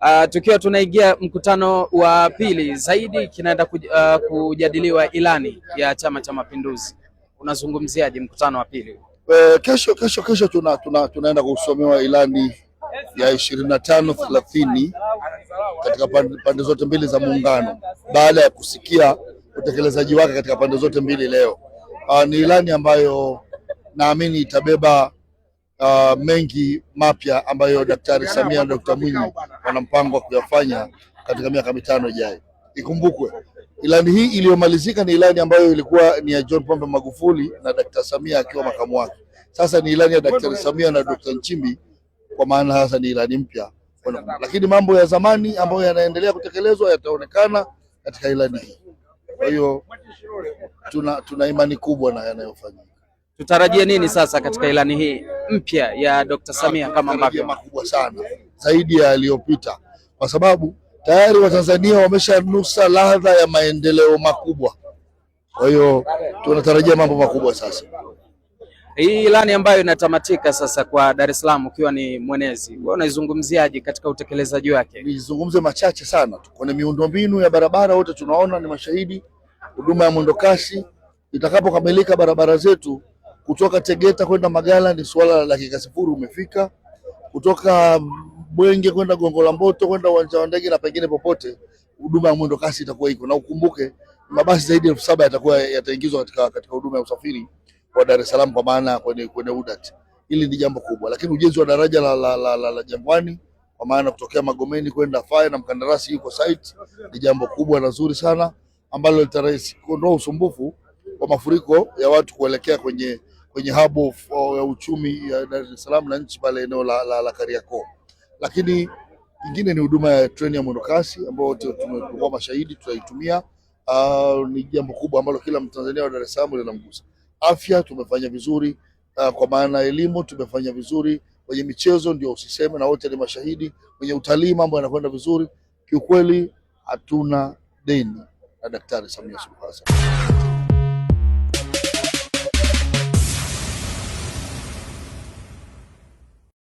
Uh, tukiwa tunaingia mkutano wa pili zaidi kinaenda kuj, uh, ah, kujadiliwa ilani ya Chama cha Mapinduzi. Unazungumziaje mkutano wa pili? E, kesho kesho kesho tuna, tuna, tunaenda kusomewa ilani ya ishirini na tano thelathini katika pande, pande zote mbili za muungano baada ya kusikia utekelezaji wake katika pande zote mbili leo. Uh, ni ilani ambayo naamini itabeba uh, mengi mapya ambayo Daktari Samia na Daktari Mwinyi wana mpango wa kuyafanya katika miaka mitano ijayo. Ikumbukwe ilani hii iliyomalizika ni ilani ambayo ilikuwa ni ya John Pombe Magufuli na Daktari Samia akiwa makamu wake. Sasa ni ilani ya Daktari Samia na Daktari Nchimbi, kwa maana hasa ni ilani mpya, lakini mambo ya zamani ambayo yanaendelea kutekelezwa yataonekana katika ilani hii. Kwa hiyo tuna, tuna imani kubwa na yanayofanyika. Tutarajie nini sasa katika ilani hii? mpya ya Dr. Samia kama ambavyo makubwa sana zaidi ya yaliyopita, kwa sababu tayari Watanzania wameshanusa ladha ya maendeleo makubwa. Kwa hiyo tunatarajia mambo makubwa sasa. Hii ilani ambayo inatamatika sasa kwa Dar es Salaam, ukiwa ni mwenezi, wewe unaizungumziaje katika utekelezaji wake? Nizungumze machache sana tu. Kwenye miundombinu ya barabara, wote tunaona ni mashahidi, huduma ya mwendokasi itakapokamilika, barabara zetu kutoka Tegeta kwenda Magala ni suala la dakika sifuri, umefika. Kutoka Mwenge kwenda Gongo la Mboto kwenda uwanja wa ndege na pengine popote, huduma ya mwendo kasi itakuwa iko, na ukumbuke mabasi zaidi ya elfu saba yatakuwa yataingizwa katika katika huduma ya usafiri wa Dar es Salaam, kwa maana kwenye kwenye UDAT. Hili ni jambo kubwa, lakini ujenzi wa daraja la, la, la, la, la Jangwani kwa maana kutokea Magomeni kwenda Fae na mkandarasi yuko site, ni jambo kubwa na zuri sana ambalo litarahisi kuondoa usumbufu wa mafuriko ya watu kuelekea kwenye kwenye hub of, uh, ya uchumi ya Dar es Salaam na nchi pale eneo la, la, la Kariakoo. Lakini ingine ni huduma ya treni ya mwendokasi ambayo wote tumekuwa mashahidi tutaitumia. Uh, ni jambo kubwa ambalo kila Mtanzania wa Dar es Salaam linamgusa. Afya tumefanya vizuri, uh, kwa maana elimu tumefanya vizuri, kwenye michezo ndio usiseme, na wote ni mashahidi. Kwenye utalii mambo yanakwenda vizuri, kiukweli hatuna deni na Daktari Samia Suluhu Hassan.